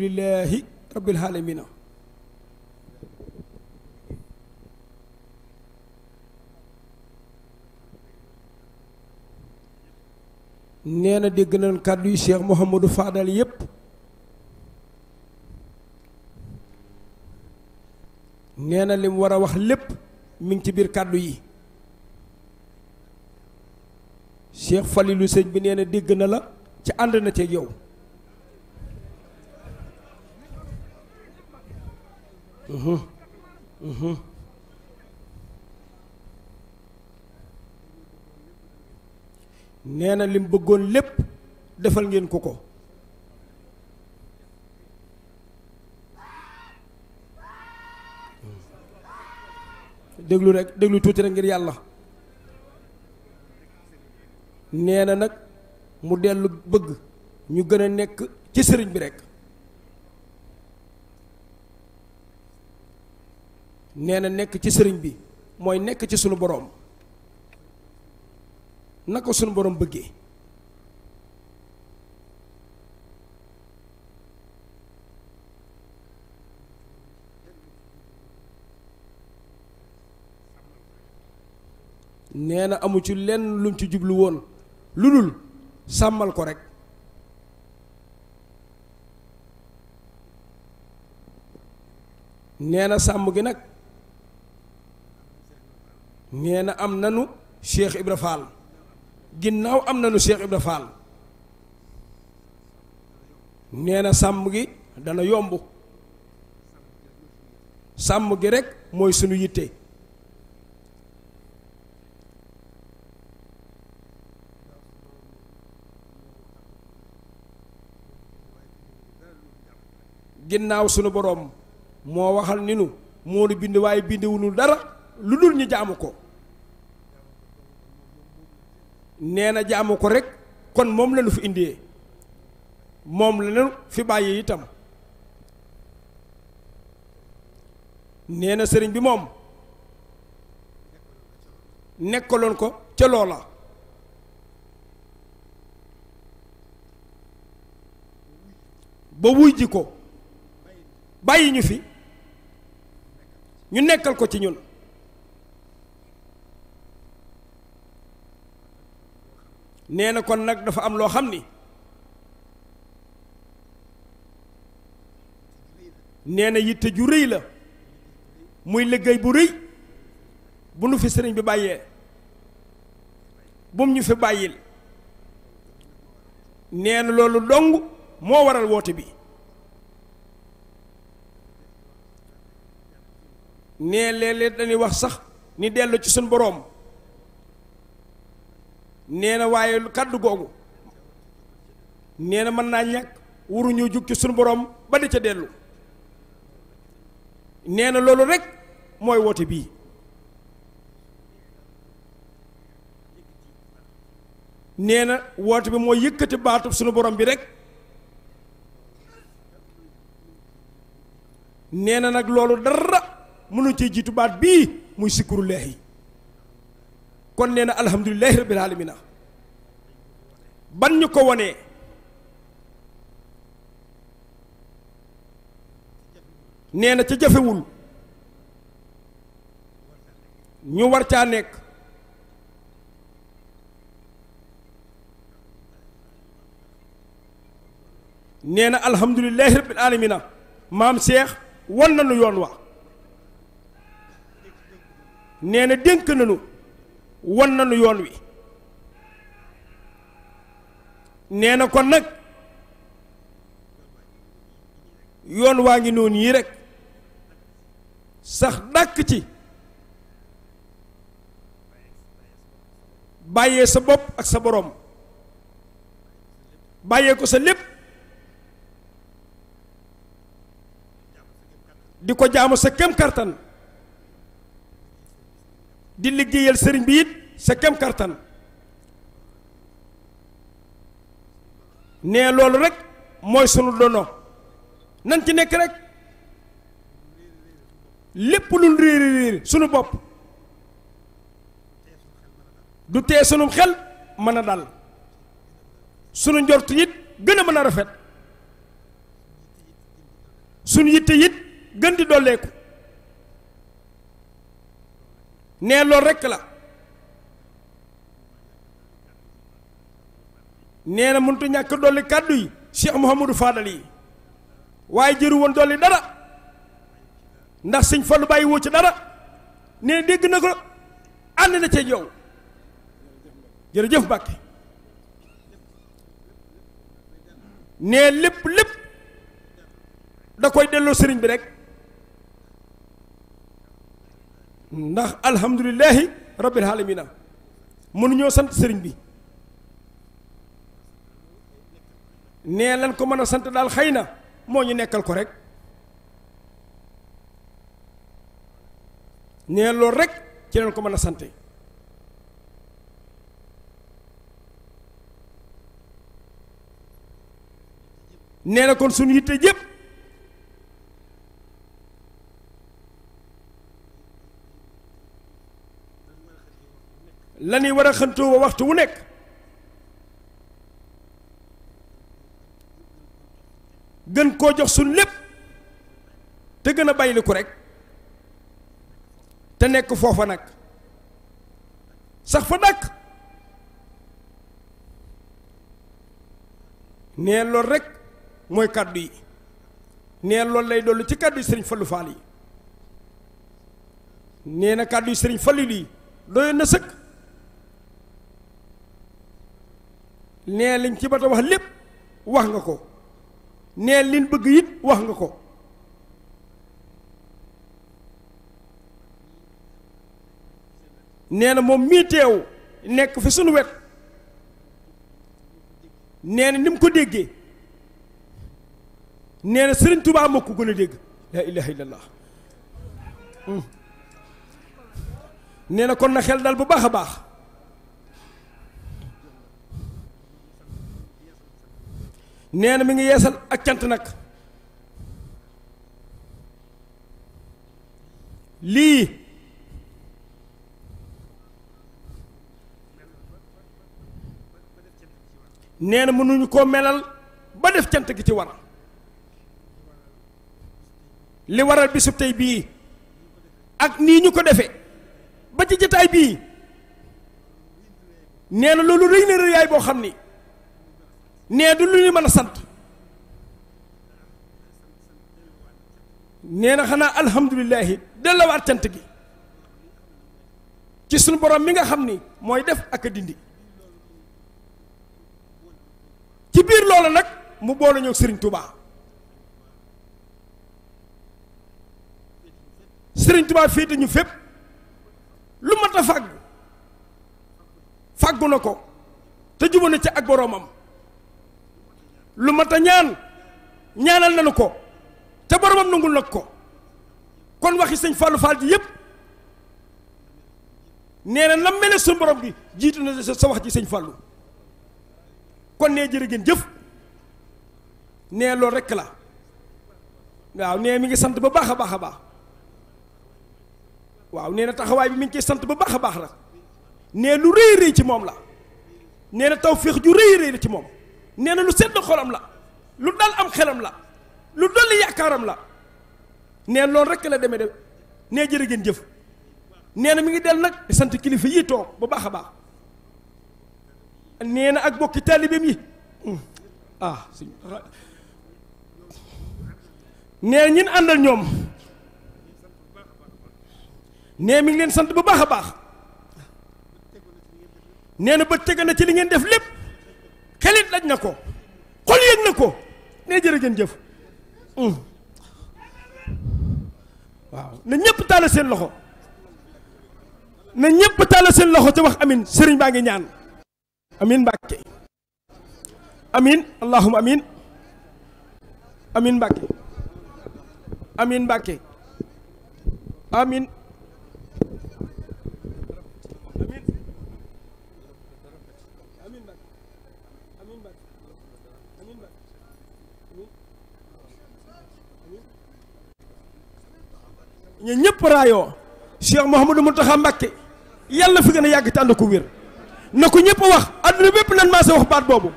alhamdulillahi rabbil alamina nee na dégg nañ kàddu yu Cheikh Mouhamadou Fadal yépp neena na lim war a wax lépp mi ngi ci biir kàddu yi Cheikh Falilou sëñ bi neena dégg na la ci ànd na teeg yow Mm-hmm. Mm-hmm. nee na lim bëggoon lépp defal ngeen ko ko déglu rekk déglu tuuti rek ngir yàlla nee na nag mu dellu bëgg ñu gën a nekk ci sëriñ bi rek nee na nekk ci sëriñ bi mooy nekk ci sunu boroom na ko sunu boroom bëggee nee na amu ci lenn lum ci jublu woon lu dul sàmmal ko rekk nee na sàmm gi nag nee na am nanu Cheikh Ibra Fall ginnaaw am nanu Cheikh Ibra Fall nee na sàmm gi dana yomb sàmm gi rekk mooy sunu yitte ginnaaw sunu boroom moo waxal ni nu moo nu bind waaye bindiwunu dara lu dul ñu jaamu ko nee na jaamu ko rek kon moom lañu fi indee moom lañu fi bàyyi itam nee na sëriñ bi moom nekkaloon ko ca loola ba wuy ji ko bàyyi ñu fi ñu nekkal ko ci ñun nee na kon nag dafa am loo xam ni nee na yitte ju rëy la muy liggéey bu rëy bu nu fi sëriñ bi bàyyee bum ñu fi bàyyil nee na loolu dong moo waral woote bi nee léeg dañuy wax sax ni dellu ci suñ boroom nee na waaye kàddu googu nee na mën naa ñàkk waruñu jug ci suñu borom ba di ca dellu nee na loolu rek mooy woote bii nee na woote bi mooy yëkkati baatu sunu borom bi rek nee na nag loolu dara mënu ci jiitu baat bii muy sikkurulaahi kon nee na alhamdulilahi rabbil alamina ban ñu ko wonee neena na ca jafewul ñu war caa nekk nee na alhamdulilahi rabbil alamina maam seex wan nañu yoon wa nee na dénk nañu wan nañu yoon wi nee na kon nag yoon waa ngi noon yii rekk sax dàkk ci bàyyee sa bopp ak sa boroom bàyyee ko sa lépp di ko jaamu sa kem kartan di liggéeyal sëriñ bi yit sa kem kartan ne loolu rek mooy sunu dono nan ci nekk rek lépp lu riiri riiri sunu bopp du tee sunum xel mën a dal sunu njortu it gën a mën a rafet sunu yitte it gën di dolleeku nee loolu rekk la nee na mënut ñàkk dolli kàddu yi Cheikh Mouhamadou Fadal yi waaye jëru woon dolli dara ndax sëñ Fallu bàyyi woo ci dara nee dégg na ko ànd na ca yow jërëjëf Mbàkke nee lépp lépp da koy delloo sëriñ bi rek. ndax alhamdulilahi rabbil alamina mënuñoo sant sëriñ bi nee lan ko mën a sant daal xëy na moo ñu nekkal ko rek nee loolu rek ci leen ko mën a sante nee na kon suñu yitte yépp la ñuy war a xëntoo waxtu wu nekk gën koo jox suñ lépp te gën a bayliku rekk te nekk foofa nag sax fa dàkk nee lool rek mooy kàddu yi nee lool lay dollu ci kàddu yi sëriñ Fallou Fall yi nee na kàddu yi sëriñ Fallou lii doyoon na sëkk nee liñ ci bata wax lépp wax nga ko nee liñ bëgg it wax nga ko nee na moom mii teew nekk fi sunu wet nee na ni ko déggee nee na sëriñ tubaab moo ko gën a dégg laa ilaha illallah hmm. nee na kon na xel dal bu baax a baax nee na mi ngi yeesal ak cant nag lii nee na mënuñu koo melal ba def cant gi ci war li waral bisub tey bii ak nii ñu ko defee ba ci jataay bii nee na loolu rëy na rëyaay boo xam ni nee du lu ñu mën a sant nee na xanaa alhamdulilahi dellowaat cant gi ci suñu borom mi nga xam ni mooy def ak dindi ci biir loola nag mu boole ñëw sëriñ Touba Serigne Touba féete ñu fépp lu mat fàggu fàggu na ko te jubóo ci ak boromam. lu mat a ñaan ñaanal nañu ko te boromam nangul nag ko kon wax yi sëñ Fallou Fall ji yépp nee na nam mele suñu borom bi jiitu na sa wax ci sëñ Fallou kon nee jërë ngeen jëf nee lool rekk la waaw nee mi ngi sant ba baax a baax a baax waaw nee na taxawaay bi mi ngi koy sant ba baax a baax nag nee lu rëy rëy ci moom la nee na taw féex ju rëy rëy la ci moom nee na lu sedd xolam la lu dal am xelam la lu dolli yaakaaram la neen loolu rekk la deme de nee jërë ngeen jëf nee na mi ngi del nag sant kilifa yi toog ba baax a baax nee na ak bokki taalibeem yi ah nee ñin àndal ñoom nee mi ngi leen sant bu baax a baax nee na ba tege na ci li ngeen def lépp xelit daj na ko xol yëg na ko nee jërë ngeen jëf hmm. waaw na ñëpp taala seen loxo na ñëpp taala seen loxo te wax amin sëriñ baa ngi ñaan amin mbàkke amin allahuma amin amin mbàkke amin mbàkke amin ñu ñëpp raayoo Cheikh Mouhamadou Mountakha Mbacké yàlla fi gën a yàgg tànd ko wér na ko ñëpp wax adduna bépp nan maa sa wax baat boobu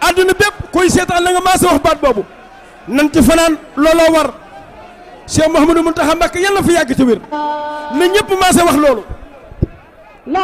adduna bépp koy seetaan la nga maa sa wax baat boobu nan ci fanaan looloo war Cheikh Mouhamadou Mountakha Mbacké yàlla fi yàgg te wér na ñëpp maa wax loolu la